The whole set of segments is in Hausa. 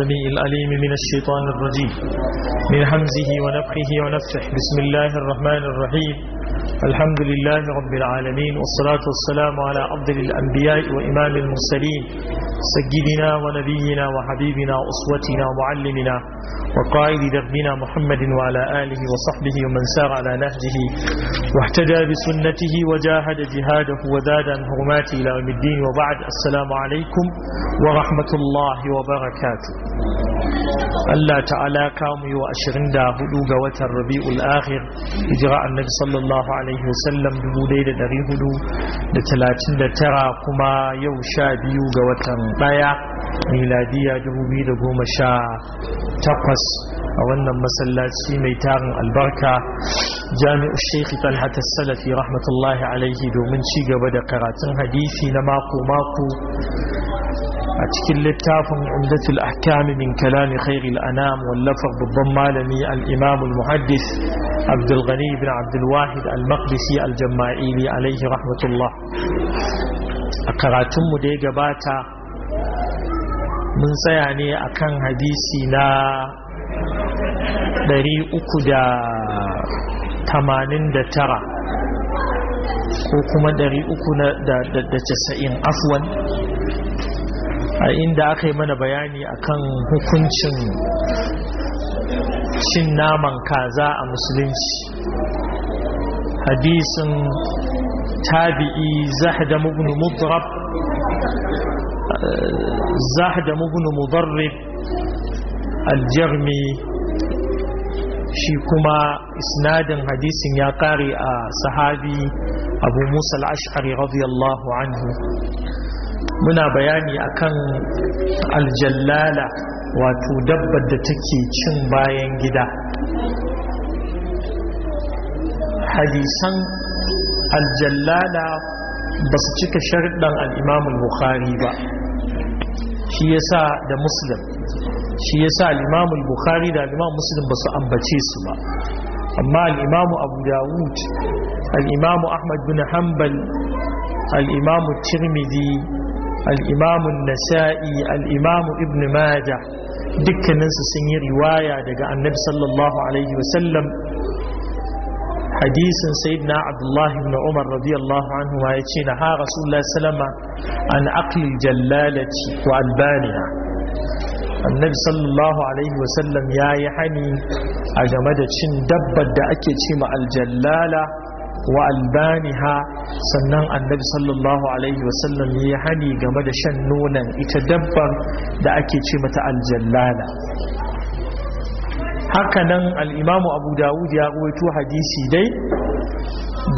السميع الأليم من الشيطان الرجيم من حمزه ونفخه ونفسه بسم الله الرحمن الرحيم الحمد لله رب العالمين والصلاة والسلام على أفضل الأنبياء وإمام المرسلين سجدنا ونبينا وحبيبنا أسوتنا ومعلمنا وقائد دربنا محمد وعلى آله وصحبه ومن سار على نهجه واهتدى بسنته وجاهد جهاده وزاد عن حرماته إلى يوم الدين وبعد السلام عليكم ورحمة الله وبركاته Allah ta'ala kamu yi wa hudu ga watan rabi'ul akhir hijira annabi sallallahu alaihi wasallam tara kuma yau sha biyu ga watan daya miladiya takwas a wannan masallaci mai tarin albarka jami'u sheikh talhat salafi rahmatullahi alaihi domin ci gaba da karatun hadisi na mako mako a cikin littafin umdatul ahkami min kalami khairil anam wallafar babban malami al-imam al-muhaddis abdul ghani ibn abdul wahid al-maqdisi al-jamma'ili alaihi rahmatullah a karatun mu da ya gabata mun tsaya ne akan hadisi na 389 ko kuma 390 afwan a inda aka yi mana bayani akan hukuncin cin naman kaza a musulunci hadisin tabi'i zahda ibn mudrab eh, zahda mudarrib aljarmi shi kuma isnadin hadisin ya kare a sahabi abu musa al-ash'ari radiyallahu anhu muna bayani akan aljallala wato dabbar da take cin bayan gida hadisan aljallala ba su cika sharɗan al'imamun bukhari ba shi ya sa da muslim shi ya sa al'imamun bukhari da al'imamun muslim ba su ambace su ba amma al'imamu abu dawud al'imamu ahmad bin hanbal al'imamu tirmidhi al’imamu nasa’i al’imamu ibn maja dukkaninsu sun yi riwaya daga annabi sallallahu alaihi wasallam hadisin sayyidina abdullahi umar radiyallahu anhu ma ya ce na ha rasulullah salama an aqlil jallalati wa albaniya annabi sallallahu alaihi wasallam ya yi hani a game da cin dabbar da ake ce ma aljallala wa albaniha sannan annabi sallallahu alaihi wasallam ya hani game da shan nonon ita dabbar da ake ce mata aljallala haka nan al'imamu abu dawud ya ruwaito hadisi dai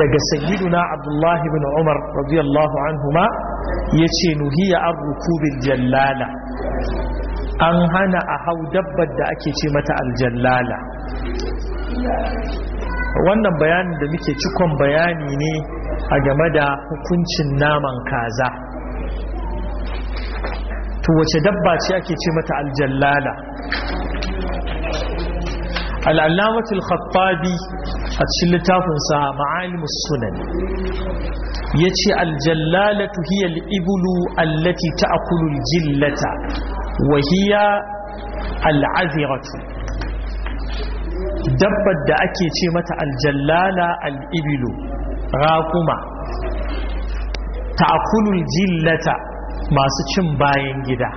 daga sayyiduna abdullahi bin umar radiyallahu anhuma ya ce nuhiya an rukubin jallala an hana a hau dabbar da ake ce mata aljallala wannan bayanin da muke cikon bayani ne a game da hukuncin naman kaza to wace dabba ce ake ce mata aljallala al'allamatul khattabi a cikin littafinsa ma'alimus sunan ya ce aljallalatu hiya al'ibulu allati ta akulul jillata wahiya hiya dabbar da ake ce mata aljallala al'ibilu kuma ta'kulul jillata masu cin bayan gida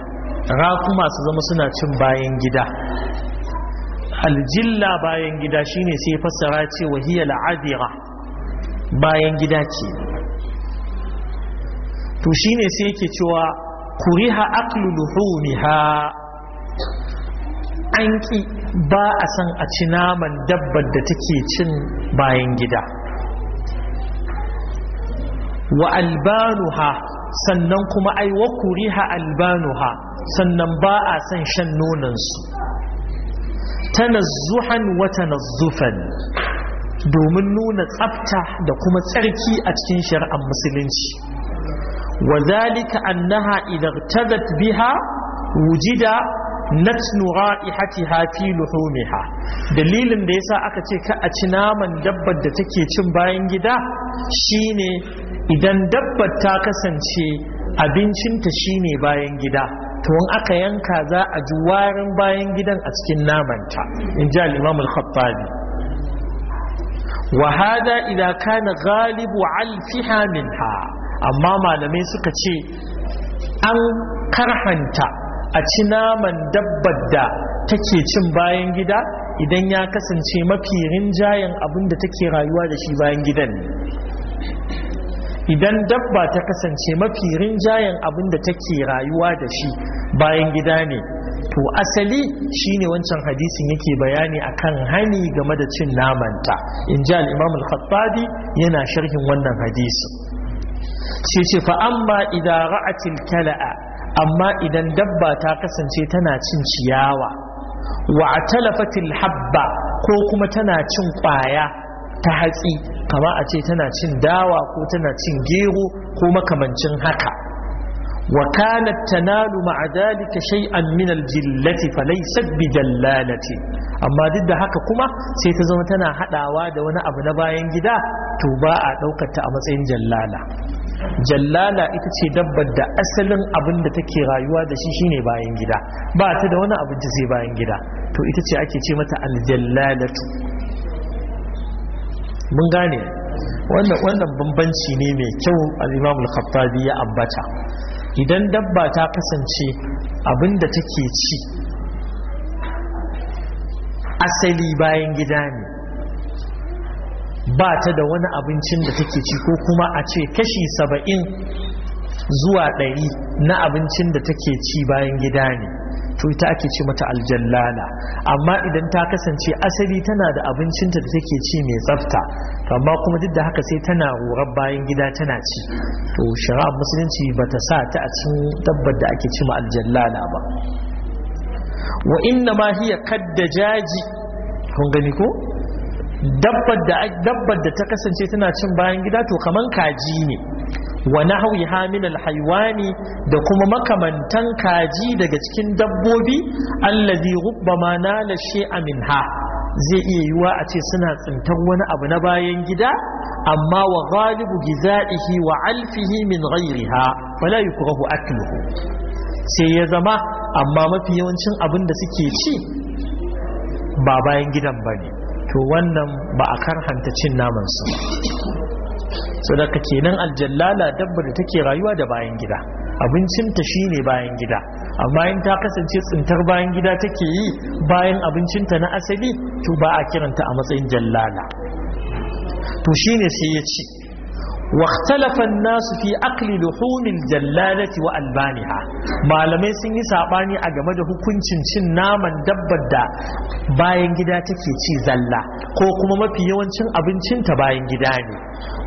raƙuma su zama suna cin bayan gida aljilla bayan gida shine sai fassara ce wahiya la'adira bayan gida ce to shine sai yake cewa kuriha aklu luhumiha an ki ba a san a ci naman dabbar da take cin bayan gida wa albanuha sannan kuma ai wa kuriha albanuha sannan ba a san shan nonansu tanazzuhan wa tanazzufan domin nuna tsafta da kuma tsarki a cikin shari'ar musulunci wa zalika annaha idan biha wujida natnu ra'ihatiha fi luhumiha dalilin da yasa aka ce ka a ci naman dabbar da take cin bayan gida shine idan dabbar ta kasance abincinta shine bayan gida to in aka yanka za a ji warin bayan gidan a cikin namanta in ji al-imam al-khattabi wa hada idan kana ghalibu alfiha minha amma malamai suka ce an karhanta a ci naman dabbar da take cin bayan gida idan ya kasance mafi rinjayen abin da take rayuwa da shi bayan gidan ne idan dabba ta kasance mafi rinjayen abin da take rayuwa da shi bayan gida ne to asali shine wancan hadisin yake bayani akan hani game da cin namanta in ji al-imam al-khattabi yana sharhin wannan hadisi. sai ce fa amma idara a kala'a amma idan dabba ta kasance tana cin ciyawa wa talafatil habba ko kuma tana cin kwaya ta hatsi kama a ce tana cin dawa ko tana cin gero ko makamancin haka wa kanat tanalu ma'a dalika shay'an min aljillati falaysat bijallalati amma duk da haka kuma sai ta zama tana hadawa da wani abu na bayan gida to ba a daukar ta a matsayin jallala jallala ita ce dabbar da asalin abin da take rayuwa da shi shine bayan gida ba ta da wani abinci sai bayan gida to ita ce ake ce mata aljallalatu mun gane wannan wannan bambanci ne mai kyau al-Imam al-Khattabi ya ambata idan dabba ta kasance abin da take ci asali bayan gida ne ba ta da wani abincin da take ci ko kuma a ce kashi saba'in zuwa ɗari na abincin da take ci bayan gida ne to ita ake ce mata aljallala amma idan ta kasance asali tana da abincinta da take ci mai tsafta amma kuma duk da haka sai tana horar bayan gida tana ci to shari'ar musulunci ba ta sa ta a cikin dabbar da ake ci ma aljallala ba wa inna ma hiya kadda jaji kun gani ko dabbar da ta kasance tana cin bayan gida to kamar kaji ne wa nahwi haminal haywani da kuma makamantan kaji daga cikin dabbobi allazi rubbama nala shay'a minha zai iya yiwa a ce suna tsintar wani abu na bayan gida amma wa ghalibu gizaihi wa alfihi min ghayriha fala yukrahu akluhu sai ya zama amma mafi yawancin abin da suke ci ba bayan gidan bane to wannan ba a karhanta cin naman su. sadaka kenan aljallala dabba da take rayuwa da bayan gida abincinta shine bayan gida amma in ta kasance tsintar bayan gida take yi bayan abincinta na asali to ba a kiranta a matsayin jallala to shine sai ya ci. واختلف الناس في اكل لحوم الجلاله والبانها malamai sun yi saɓani a game da hukuncin cin naman dabbar da bayan gida take ci zalla ko kuma mafi yawancin abincin ta bayan gida ne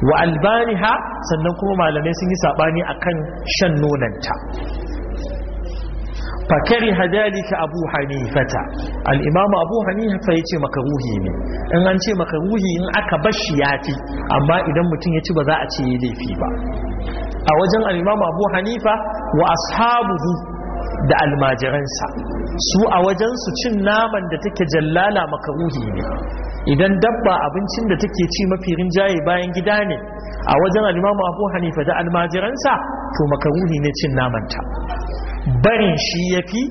wa albaniha sannan kuma malamai sun yi sabani akan shan nononta. fakari hadalika abu hanifata al'imamu abu hanifa ya ce makaruhi ne in an ce makaruhi in aka bashi ya fi amma idan mutum ya ci ba za a ce laifi ba a wajen al'imamu abu hanifa wa ashabuhu da almajiransa su a wajen su cin naman da take jallala makaruhi ne idan dabba abincin da take ci mafi rinjaye bayan gida ne a wajen al'imamu abu hanifa da almajiransa to makaruhi ne cin naman ta. barin shi yafi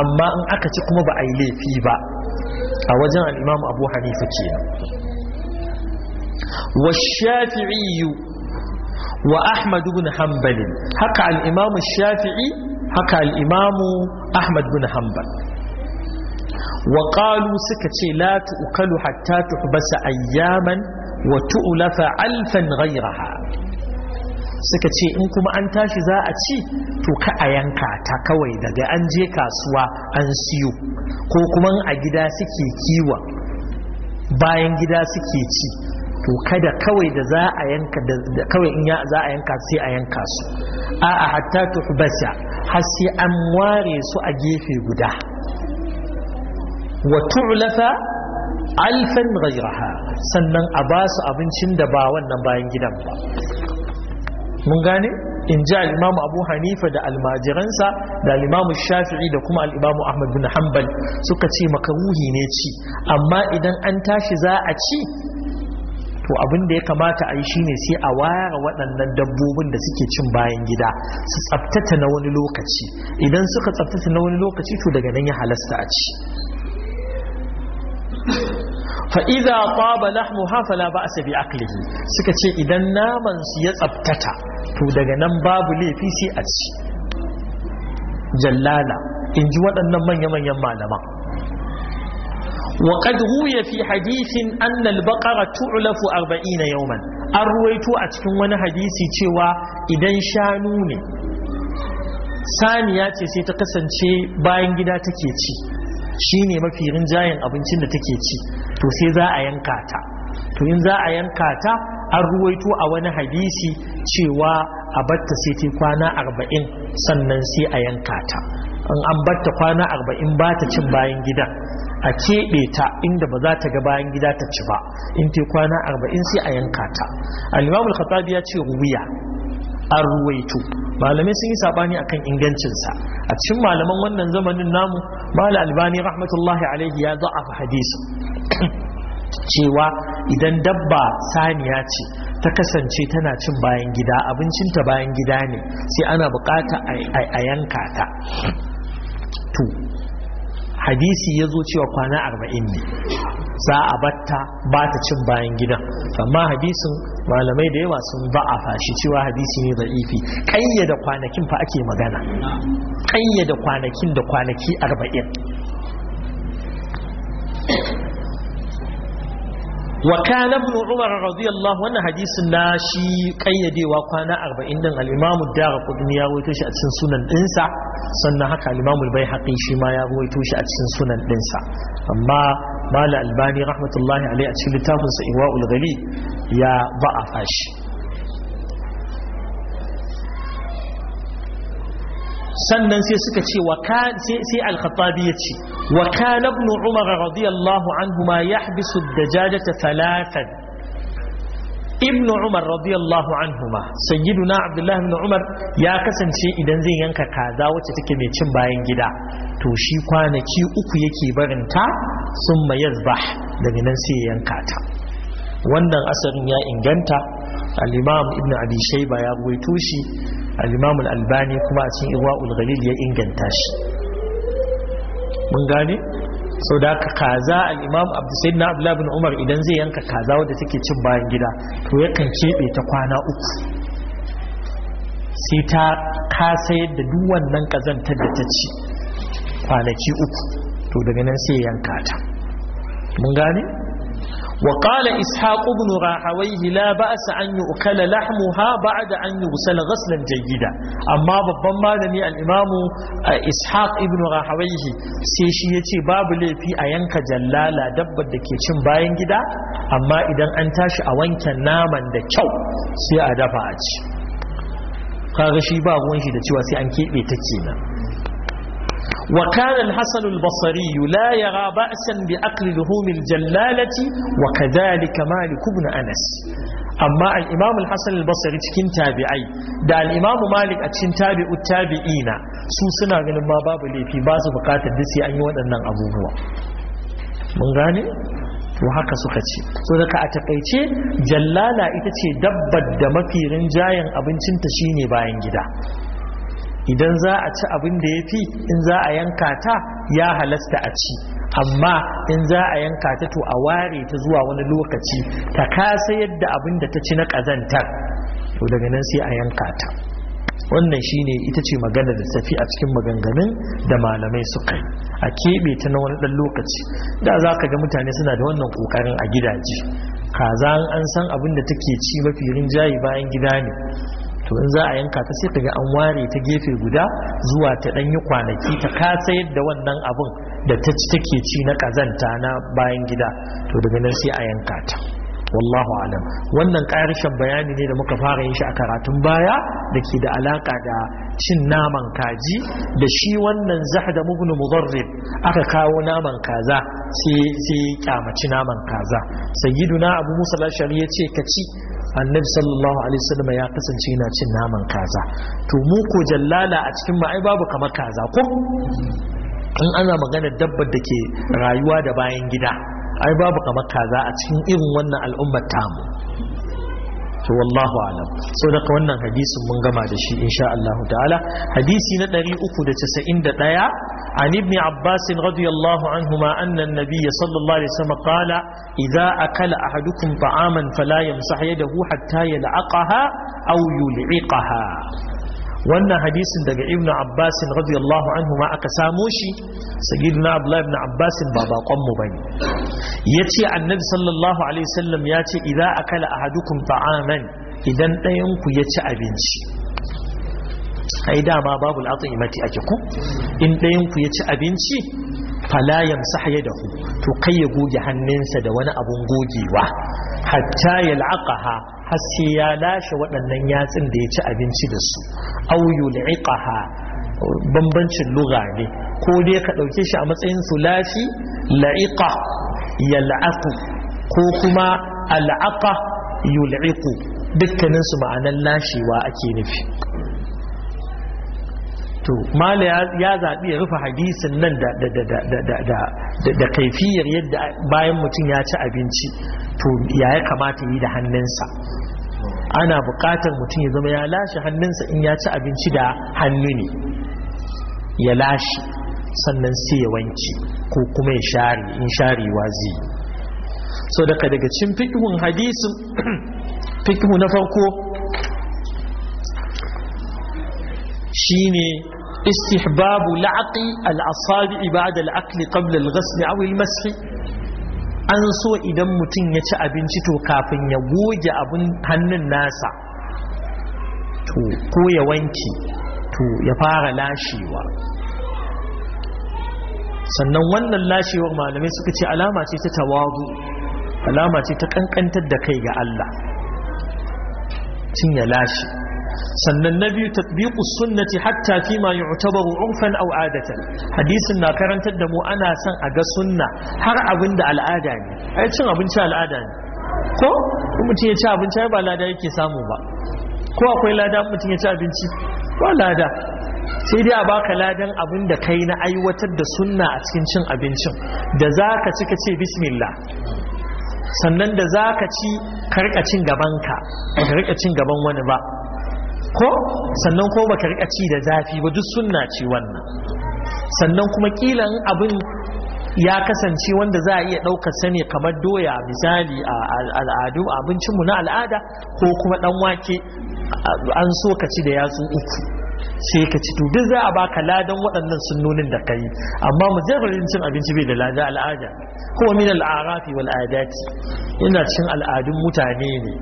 amma in aka ci kuma ba a yi laifi ba a wajen al'imam abu hanifa ce wa shafi'iyu wa ahmad bin hanbalin haka al'imamu shafi'i haka al'imamu ahmad bin hanbal wa qalu suka ce la tu'kalu hatta tuhbasa ayyaman wa tu'lafa alfan ghayraha suka ce in kuma an tashi za a ci to ka a yanka ta kawai daga an je kasuwa an siyo ko kuma a gida suke kiwa bayan gida suke ci to kada kawai da za a yanka da kawai in ya za a yanka sai a yanka su a a hatta basa har sai an ware su a gefe guda wa tu'lafa alfan ghayraha sannan a ba abincin da ba wannan bayan gidan ba mun gane in ji al'imamu abu hanifa da almajiransa da al'imamu shafi'i da kuma al'imamu ahmad bin hanbal suka ce makaruhi ne ci amma idan an tashi za a ci to abin da ya kamata a yi shine sai a ware waɗannan dabbobin da suke cin bayan gida su tsabtata na wani lokaci idan suka tsabtata na wani lokaci to daga nan ya halasta a ci fa'iza ƙwaba lahmu hafala ba a sabi suka ce idan naman su ya tsabtata to daga nan babu laifi sai a ci jallala in ji waɗannan manya-manyan malaman وقد روي في حديث أن البقرة تعلف أربعين يوما أرويت أتكن وانا حديثي تشوى إذن شانوني saniya ce sai ta kasance bayan gida take ci Shi ne mafi rinjayen abincin da take ci to sai za a yanka ta to in za a yanka ta an ruwaito a wani hadisi cewa a batta sai ta kwana arba'in sannan sai a yanka ta in an batta kwana arba'in ba ta cin bayan gida a keɓe ta inda ba za ta ga bayan gida ta ci ba in ta kwana arba'in sai a yanka ta al-imam al ya ce ruwiya an ruwaito malamai sun yi sabani akan ingancinsa a cikin malaman wannan zamanin namu mala albani rahmatullahi alaihi ya zo a hadisi cewa idan dabba saniya ce ta kasance tana cin bayan gida abincinta bayan gida ne sai ana bukata a yanka ta hadisi ya zo cewa kwana arba'in ne za a batta ba ta cin bayan gidan amma hadisin malamai da yawa sun ba a fashi cewa hadisi ne da ifi da kwanakin fa ake magana ƙayyada kwanakin da kwanaki arba'in wa kana ibn umar radiyallahu wannan hadisin na shi kayyadewa kwana 40 din al-imam ad ya ruwaito shi a cikin sunan dinsa sannan haka al-imam al-baihaqi shi ma ya ruwaito shi a cikin sunan dinsa amma mala albani rahmatullahi alaihi a cikin littafin sa iwaul ghali ya ba'a fashi. sannan sai suka ce sai al-khattabi ya ce wa kana ibn umar radiyallahu anhu ma yahbisu ad-dajajata thalathan ibn umar radiyallahu anhu ma sayyiduna abdullahi ibn umar ya kasance idan zai yanka kaza wacce take mai cin bayan gida to shi kwanaki uku yake barinta sun yazbah daga nan sai yanka ta wannan asarin ya inganta al-imam ibn abi shayba ya ruwaito shi al-imam albani kuma a cikin irwa'ul ghalil ya inganta shi mun gane sau da aka kaza al'imam abdusaid na abdullahi bin umar idan zai yanka kaza wadda take cin bayan gida to yakan keɓe ta kwana uku sai ta kasa yadda duk wannan kazantar da ta ci kwanaki uku to daga nan sai yanka ta mun gane وقال إسحاق بن راحويه لا بأس أن يؤكل لحمها بعد أن يغسل غسلا جيدا Amma babban malami al'imamu ishaq ibn rahawaihi sai shi ya ce babu laifi a yanka jallala dabbar da ke cin bayan gida amma idan an tashi a wanken naman da kyau sai a dafa a ci kaga shi ba ruwan shi da cewa sai an keɓe ta kenan وكان الحسن البصري لا يرى بأسا بأكل لحوم الجلالة وكذلك مالك بن أنس أما الإمام الحسن البصري تكين تابعي دا الإمام مالك أتشين تابع التابعين سوسنا من ما باب لي في باس بقات الدسي أن يوان أبو هو من غاني to haka suka ce so daga a takaice jallala ita ce dabbar da mafi rinjayen abincinta shine bayan gida idan za a ci abin da ya fi in za a yanka ta ya halasta a ci amma in za a yanka ta to a ware ta zuwa wani lokaci ta kasa yadda abin da ta ci na ƙazantar to daga nan sai a yanka ta wannan shi ne ita ce magana da tafi a cikin maganganun da malamai suka yi a keɓe ta na wani ɗan lokaci da za ka ga mutane suna da wannan ƙoƙarin a gidaje kaza an san abin da take ci mafi rinjayi bayan gida ne to in za a yanka ta sai kaga an ware ta gefe guda zuwa ta dan yi kwanaki ta kasa da wannan abun da ta ci take ci na kazanta na bayan gida to daga nan sai a yanka ta wallahu alam wannan karshen bayani ne da muka fara yin shi a karatun baya da ke da alaka da cin naman kaji da shi wannan zahda mubnu mudarrib aka kawo naman kaza sai sai kyamaci naman kaza sayyiduna abu musa al-ashari yace ka ci annabi sallallahu alaihi wasallam ya kasance yana cin naman kaza to mu ko jallala a cikin mu ai babu kamar kaza ko in ana magana dabbar da ke rayuwa da bayan gida ai babu kamar kaza a cikin irin wannan al'ummar tamu to wallahu alam so daga wannan hadisin mun gama da shi insha Allah ta'ala hadisi na 391 an ibn abbas radiyallahu anhuma anna an-nabiy sallallahu alaihi wasallam qala idza akala ahadukum ta'aman fala yamsah yadahu hatta yal'aqaha aw yul'iqaha wannan hadisin daga ibnu abbas radiyallahu anhu ma aka samo shi sayyidina abdullah ibn abbas ba bakon mu bane yace annabi sallallahu alaihi wasallam yace idza akala ahadukum ta'aman idan dayan ku ya abinci ai dama babu al'atun mati ake ku in ɗayan ku ya ci abinci fala yamsah yadahu to kai ya goge hannunsa da wani abun gogewa hatta yal'aqaha har sai ya lashe waɗannan yatsun da ya ci abinci da su aw yul'iqaha bambancin lugha ne ko dai ka ɗauke shi a matsayin sulasi la'iqa yal'aqu ko kuma al'aqa yul'iqu dukkaninsu ma'anan lashewa ake nufi to mala ya zaɓi ya rufe hadisin nan da kaifiyar yadda bayan mutum ya ci abinci to ya ya kamata yi da hannunsa ana buƙatar mutum ya zama ya lashe hannunsa in ya ci abinci da hannu ne ya lashe sannan sai ya wanki ko kuma ya share in share wazi. so daga daga cin fikihun hadisin fikihu na farko shine istihbabu la'aqi alasabi asabi ba'da al-akl qabla al an so idan mutum ya ci abinci to kafin ya goge abin hannun nasa to ko ya wanki to ya fara lashewa sannan wannan lashewar malamai suka ce alama ce ta tawazu alama ce ta kankantar da kai ga Allah cin ya lashe sannan na biyu tatbiqu sunnati hatta fi ma yu'tabaru urfan aw adatan hadisin na karantar da mu ana son a ga sunna har abin da al'ada ne ai cin abinci al'ada ne ko mutum ya ci abinci ba lada yake samu ba ko akwai lada mutum ya ci abinci ba lada sai dai a baka ladan abin da kai na aiwatar da sunna a cikin cin abincin da za ka ci ka ce bismillah sannan da za ka ci karkacin gabanka ba karkacin gaban wani ba ko sannan ko baka rika ci da zafi ba duk sunna ci wannan sannan kuma kilan abin ya kasance wanda za a iya ɗaukar sani kamar doya misali a al'adu abincinmu na al'ada ko kuma ɗan wake an so ka ci da yatsu uku sai ka ci to duk za a baka ladan waɗannan sunnonin da kai amma mujarrarin cin abinci bai da lada al'ada ko min al'arafi wal adati ina cin al'adun mutane ne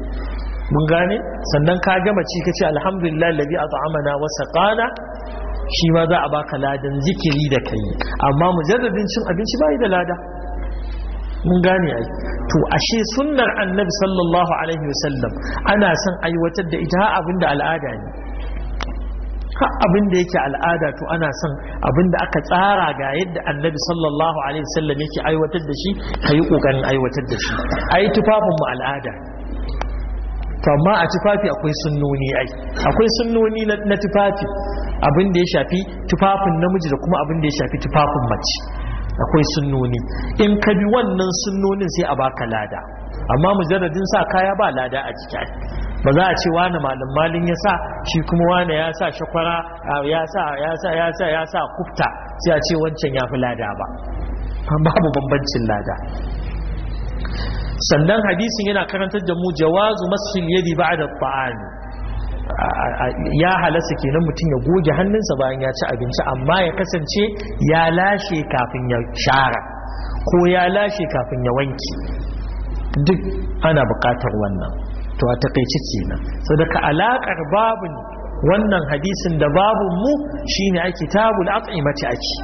mun gane sannan ka gama ci kace alhamdulillah alladhi at'amana wa saqana shi ma za a baka ladan zikiri da kai amma mujarradin cin abinci bai da lada mun gane ai to ashe sunnar annabi sallallahu alaihi wasallam ana son aiwatar da ita abinda al'ada ne ka abinda yake al'ada to ana son abinda aka tsara ga yadda annabi sallallahu alaihi wasallam yake aiwatar da shi ka yi ƙoƙarin aiwatar da shi ai tufafin mu al'ada to amma a tufafi akwai sunnoni ai akwai sunnoni na tufafi abin da ya shafi tufafin namiji da kuma abin da ya shafi tufafin mace akwai sunnoni in ka bi wannan sunnonin sai a baka lada amma mujarradin sa kaya ba lada a jiki ba za a ce wani malam malin ya sa shi kuma wani ya sa shakwara ya sa ya sa ya sa ya sa kufta sai a ce wancan ya fi lada ba babu bambancin lada sannan hadisin yana karantar da mu jawazu masil yadi da ba'an, ya halasta kenan mutum ya goge hannunsa bayan ya ci abinci amma ya kasance ya lashe kafin ya shara ko ya lashe kafin ya wanki duk ana bukatar wannan to a takaici kenan Sadaka daga alaƙar babin wannan hadisin da babun mu shine a kitabul mace ake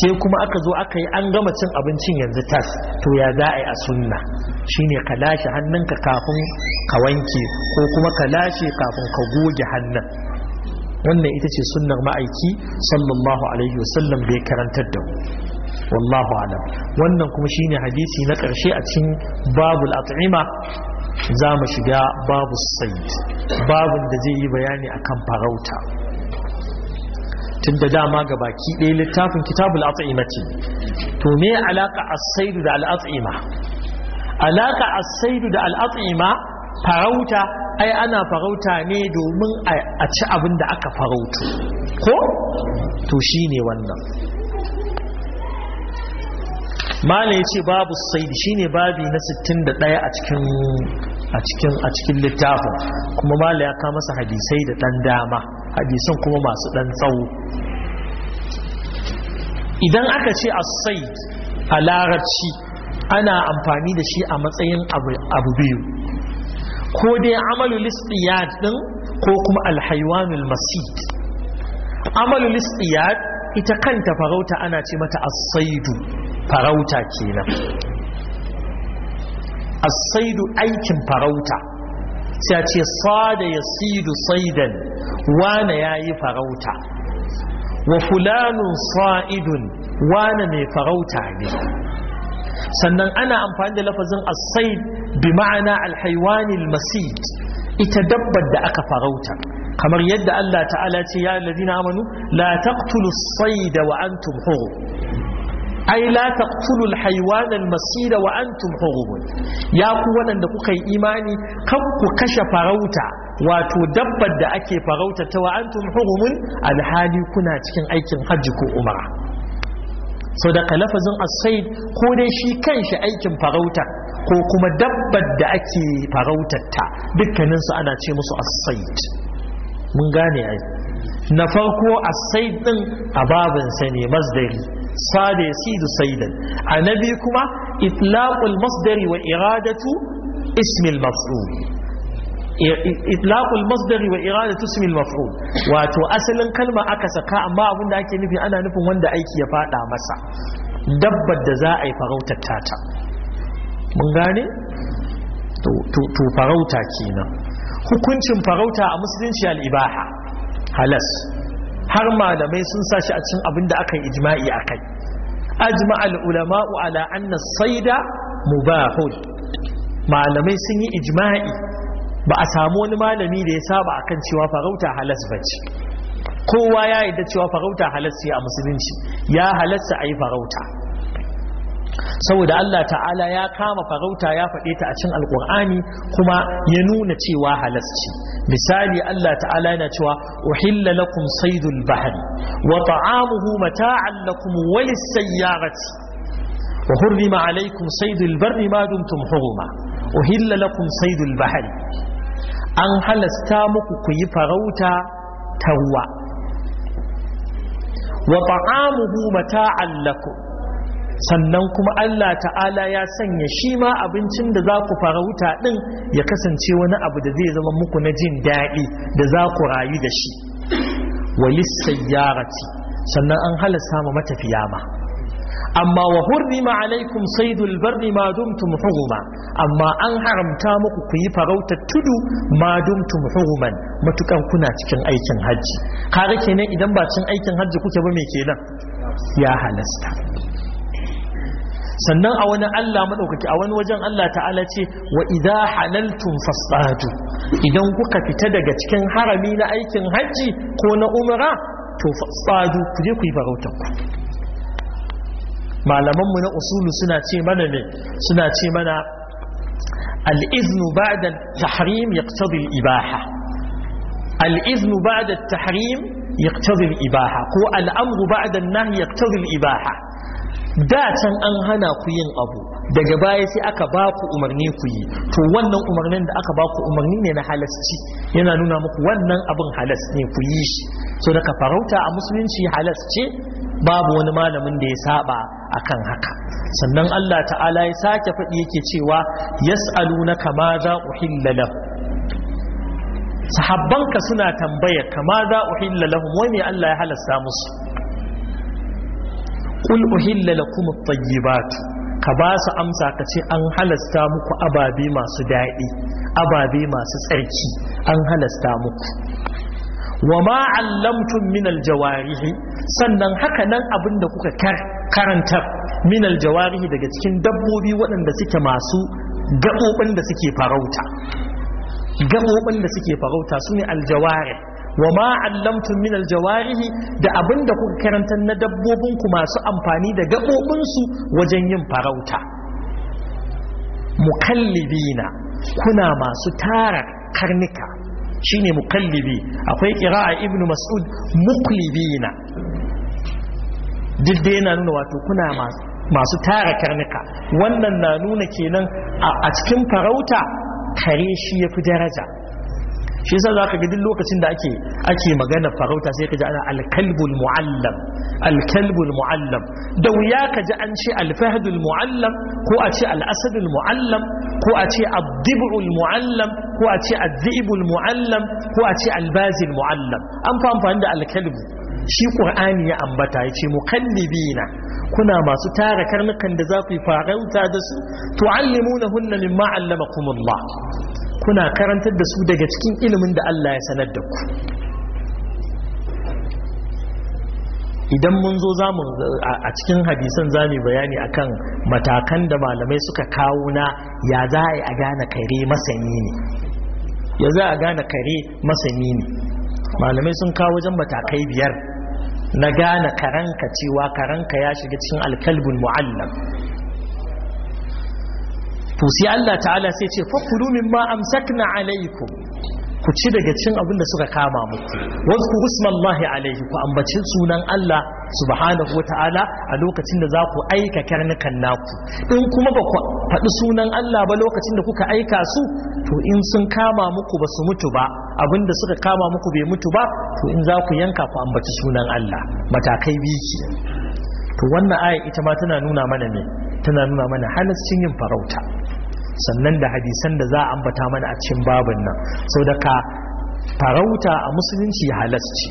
sai kuma aka zo aka yi an gama cin abincin yanzu tas to ya za a yi a sunna shine ka lashe hannunka kafin ka wanke ko kuma ka lashe kafin ka goge hannun wannan ita ce sunnar ma'aiki sallallahu alaihi wasallam bai karantar da wallahu alam wannan kuma shine hadisi na karshe a cikin babul at'ima za mu shiga babu said babun da zai yi bayani akan farauta tun da dama ga baki ɗaya littafin kitabul at'imati to me alaka as-saidu da al-at'ima alaka as-saidu da al farauta ai ana farauta ne domin a ci abin da aka farauta ko to ne wannan mala ya ce babu saidi shine babi na 61 a cikin a cikin littafin kuma mala ya kama masa hadisai da dan dama hadisan kuma masu dan tsawo idan aka ce asai sayd a larabci ana amfani da shi a matsayin abu biyu ko dai amalu listiyad din ko kuma alhaiwanul masid amalu listiyad ita kanta farauta ana ce mata asaidu farauta kenan asaidu saidu aikin farauta sai ce sada ya saidu saidan wane ya yi farauta wa fulanun sa'idun wane mai farauta ne sannan ana amfani da lafazin as-said bi ma'ana alhaiwanil masid ita dabbar da aka farauta kamar yadda Allah ta'ala ce ya na amanu la taqtulu saida wa antum hurum ai la taqtulu alhayawan almasira wa antum hurumun ya ku waɗanda kuka yi imani kan ku kashe farauta wato dabbar da ake farauta ta wa antum hurumun alhali kuna cikin aikin hajji ko umara sau da lafazin asaid ko dai shi kanshi aikin farauta ko kuma dabbar da ake farautata dukkaninsu ana ce musu asaid mun gane ai na farko asaid din a babinsa ne masdari sada yasidu saidan annabi kuma itlaqul masdari wa iradatu ismi al masdari wa iradatu ismi al wato asalin kalma aka saka amma abunda ake nufi ana nufin wanda aiki ya fada masa dabbar da za a yi farautar tata mun gane to farauta kenan hukuncin farauta a musulunci al-ibaha halas har malamai sun sa shi a cikin abin da aka yi ijma'i a kai ajma al'ulama'u ala anna saida mubahul malamai sun yi ijma'i ba a samu wani malami da ya saba akan cewa farauta halas bace kowa ya da cewa farauta halas ce a musulunci ya halasta a yi farauta saboda Allah ta'ala ya kama farauta ya faɗe ta a cin alkur'ani kuma ya nuna cewa halasci misali Allah ta'ala yana cewa uhilla lakum saydul bahri wa ta'amuhu mata'an lakum walis sayyarati wa hurrima alaykum saydul barri ma dumtum huruma uhilla lakum saydul bahri an halasta muku ku yi farauta ta ruwa wa ta'amuhu mata'an lakum sannan kuma Allah ta'ala ya sanya shi ma abincin da za ku farauta ɗin ya kasance wani abu da zai zama muku na jin daɗi da za ku rayu da shi walis sayyarati sannan an halasta ma matafiya ma amma wa hurrima alaikum sai barri ma dumtum huruma amma an haramta muku ku yi farautar tudu ma dumtum matukan kuna cikin aikin hajji kaga kenan idan ba cin aikin hajji kuke ba me kenan ya halasta sannan a wani Allah madaukaki a wani wajen Allah ta'ala ce wa idza halaltum fasadu idan kuka fita daga cikin harami na aikin hajji ko na umra to fasadu ku je ku yi farautar ku malamanmu na usulu suna ce mana ne suna ce mana al'iznu ba da tahrim ya ibaha al'iznu ba da tahrim ya ibaha ko al'amru ba da nahi ya ibaha da can an hana ku yin abu daga baya sai aka ba ku umarni ku yi to wannan umarnin da aka ba ku umarni ne na halasci yana nuna muku wannan abin halas ne ku yi shi so daga farauta a musulunci halas ce babu wani malamin da ya saba akan haka sannan Allah ta'ala ya sake faɗi yake cewa yas'aluna kama za uhilla lahu sahabbanka suna tambaya kama za uhilla lahum wani Allah ya halasta musu kul uhilla lakum at-tayyibat ka ba su amsa ka ce an halasta muku ababe masu daɗi ababe masu tsarki an halasta muku wa ma allamtum min jawarihi sannan haka nan abin da kuka karanta min al-jawarihi daga cikin dabbobi waɗanda suke masu gaɓoɓin da suke farauta gaɓoɓin da suke farauta sune ne aljawari wa ma allamtum min aljawarihi da abinda kuka karanta na dabbobin ku masu amfani da gabobin wajen yin farauta mukallibina kuna masu tara karnika shine mukallibi akwai qira'a ibnu mas'ud muklibina duk da yana nuna wato kuna masu tara karnika? wannan na nuna kenan a cikin farauta kare shi ya fi daraja shi yasa zaka ga duk lokacin da ake ake magana farauta sai ka ji ana alkalbul muallam alkalbul muallam da wuya ka ji an ce alfahdul muallam ko a ce asadul muallam ko a ce abdibul muallam ko a ce adzibul muallam ko a ce albazil muallam an fa amfani da alkalbu shi qur'ani ya ambata yace ce mukallibina kuna masu tara karnukan da za ku yi farauta da su tu'allimuna hunna mimma allamakumullah kuna karantar da su daga cikin ilimin da Allah ya sanar da ku idan mun zo zamu a cikin hadisan zamu bayani akan matakan da malamai suka kawo na ya za a yi a gane kare masani ne ya za a gane kare masani ne malamai sun kawo wajen matakai biyar na gane karanka cewa karanka ya shiga cikin alkalbin mu'allam to sai Allah ta'ala sai ce fakulu mimma amsakna alaikum ku ci daga cin abin da suka kama muku wasu ku alaihi ku ambaci sunan Allah subhanahu ta'ala a lokacin da za ku aika karnukan naku in kuma ba ku faɗi sunan Allah ba lokacin da kuka aika su to in sun kama muku ba su mutu ba abin da suka kama muku bai mutu ba to in za ku yanka ku ambaci sunan Allah matakai biki to wannan aya ita ma tana nuna mana ne tana nuna mana halaccin yin farauta sannan da hadisan da za a ambata mana a cikin babin nan sau da ka farauta a musulunci ya halasci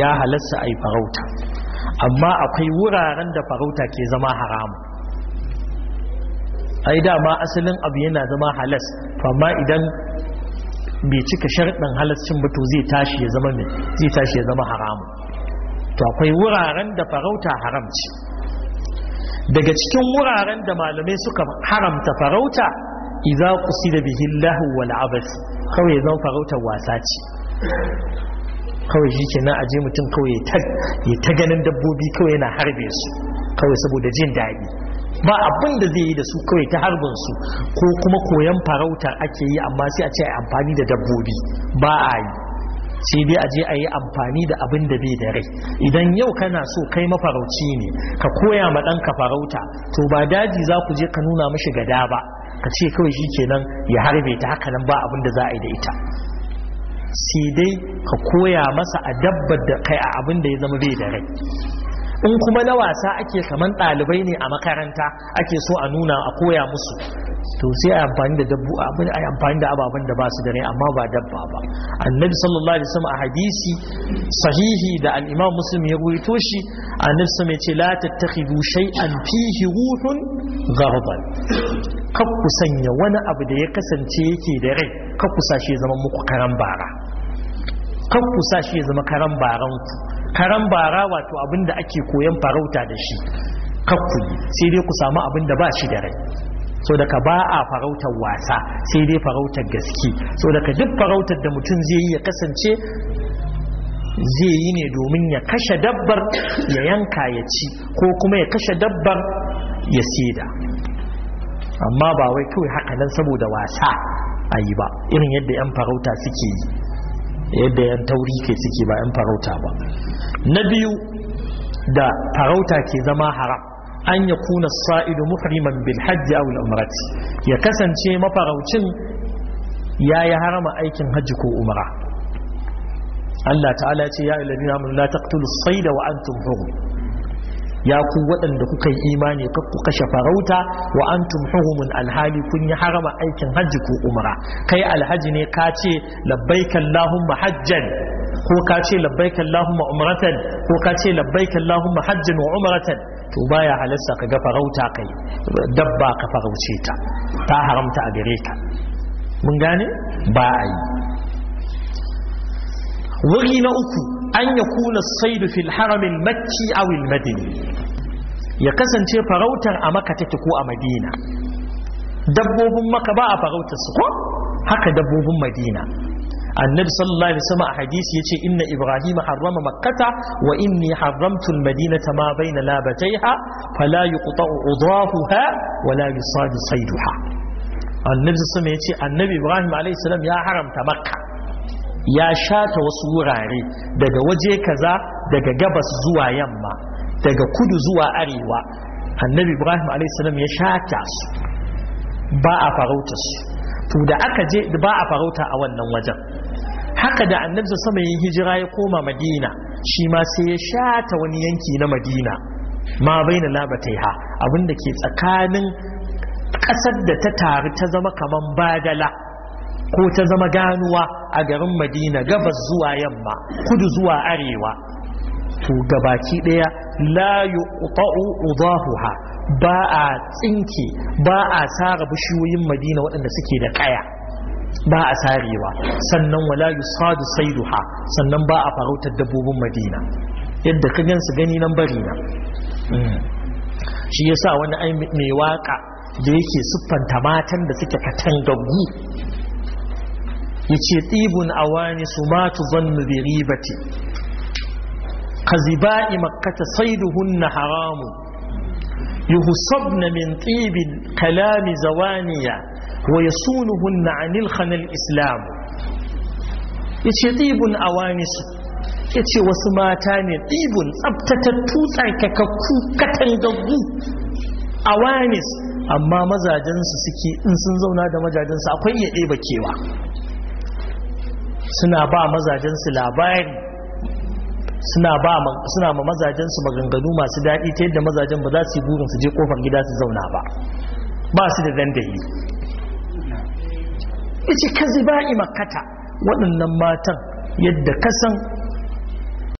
ya halasta a yi farauta amma akwai wuraren da farauta ke zama haramu ai dama asalin abu yana zama halas amma idan bai cika sharɗin halascin ba to zai tashi ya zama haramu to akwai wuraren da farauta haramci daga cikin wuraren da malamai suka haramta farauta idza qusida bihi lahu wal abas kawai zan farautar wasa ce kawai shi ke nan aje mutum kawai ya ta ganin dabbobi kawai yana harbe su kawai saboda jin daɗi ba abin da zai yi da su kawai ta harbin su ko kuma koyan farautar ake yi amma sai a ce amfani da dabbobi ba a yi sai dai a je a yi amfani da abin da bai da rai idan yau kana so kai mafarauci ne ka koya ma ɗanka farauta to ba daji za ku je ka nuna mashi gada ba ka ce kawai shi kenan ya harbe ta haka nan ba abin da za a yi da ita sai dai ka koya masa a dabbar da kai a abin da ya zama bai da rai in kuma na wasa ake kamar ɗalibai ne a makaranta ake so a nuna a koya musu to sai a amfani da dabbu a amfani da ababen da ba su da rai amma ba dabba ba annabi sallallahu alaihi wasallam a hadisi sahihi da al-imam muslim ya ruwaito shi annabi sallallahu alaihi ya ce la tattakhidu shay'an fihi ruhun ghadban kar ku sanya wani abu da ya kasance yake da rai kar ku sashi ya zama muku karan bara kar ku sashi ya zama karan baran ku karan bara wato abin da ake koyan farauta da shi kakku sai dai ku samu abin da ba shi da rai so daga ba a farautar wasa sai dai farautar gaske so daga duk farautar da mutum zai yi ya kasance zai yi ne domin ya kashe dabbar ya yanka ya ci ko kuma ya kashe dabbar ya seda amma ba wai kawai hakanan saboda wasa a yi ba irin yadda 'yan farauta suke yi yadda yan tauri ke ciki ba yan farauta ba na biyu da farauta ke zama haram an ya kuna sa'idu muhriman bil hajji aw umrati ya kasance mafaraucin ya yi harama aikin hajji ko umra Allah ta'ala ya ce ya ayyuhallazina amanu la taqtulus sayda wa antum hurum ya ku waɗanda kuka yi imani kar ku kashe farauta wa antum hurumun alhali kun yi harama aikin hajji ko umra kai alhaji ne ka ce labbaika allahumma hajjan ko ka ce labbaika allahumma ko ka ce labbaika allahumma hajjan wa umratan to baya halasta ka ga farauta kai dabba ka farauce ta ta haramta a gare ka mun gane ba a yi wuri na uku an ya kuna saidu fil haramin makki awil ya kasance farautar a maka take ko a madina dabbobin maka ba a farautar su ko haka dabbobin madina annabi sallallahu alaihi wasallam a hadisi yace inna Ibrahim harrama makkata wa inni harramtu almadinata ma baina labataiha fala yuqta'u udahuha wa la yusadu sayduha annabi sallallahu alaihi wasallam yace annabi ibrahim alaihi salam ya haramta makka ya shata wasu wurare daga waje kaza daga gabas zuwa yamma daga kudu zuwa arewa annabi ibrahim alaihissalam ya shata su ba a farauta su to da aka je ba a farauta a wannan wajen haka da annabi sama yin hijira ya koma madina shi ma sai ya shata wani yanki na madina ma bai na labataiha abinda ke tsakanin ƙasar da ta taru ta zama kaman badala ko ta zama ganuwa a garin madina gabas zuwa yamma kudu zuwa arewa to gabaki daya la yuqta'u udahuha ba a tsinke ba a sare bishiyoyin madina waɗanda suke da kaya ba a sarewa sannan wala yusadu saiduha sannan ba a farautar dabbobin madina yadda ka gansu gani nan bari na mm. shi yasa wani ai mai waka da yake siffanta matan da suke katangaggu yace tibun awani sumatu zannu bi ribati kaziba'i makkata saiduhunna haramun yuhsabna min tibil kalami zawaniya wa yasunuhunna anil khanal islam yace tibun awanisu yace wasu mata ne tibun tsaftatattu tsarkakakku katangaggu awanis amma mazajensu suke in sun zauna da su akwai iya ɗeba kewa suna ba mazajensu labari suna ma mazajensu maganganu masu daɗi ta yadda mazajen ba za su yi burin su je kofar gida su zauna ba ba su da dandali ice kazi ba'i makata waɗannan matan yadda kasan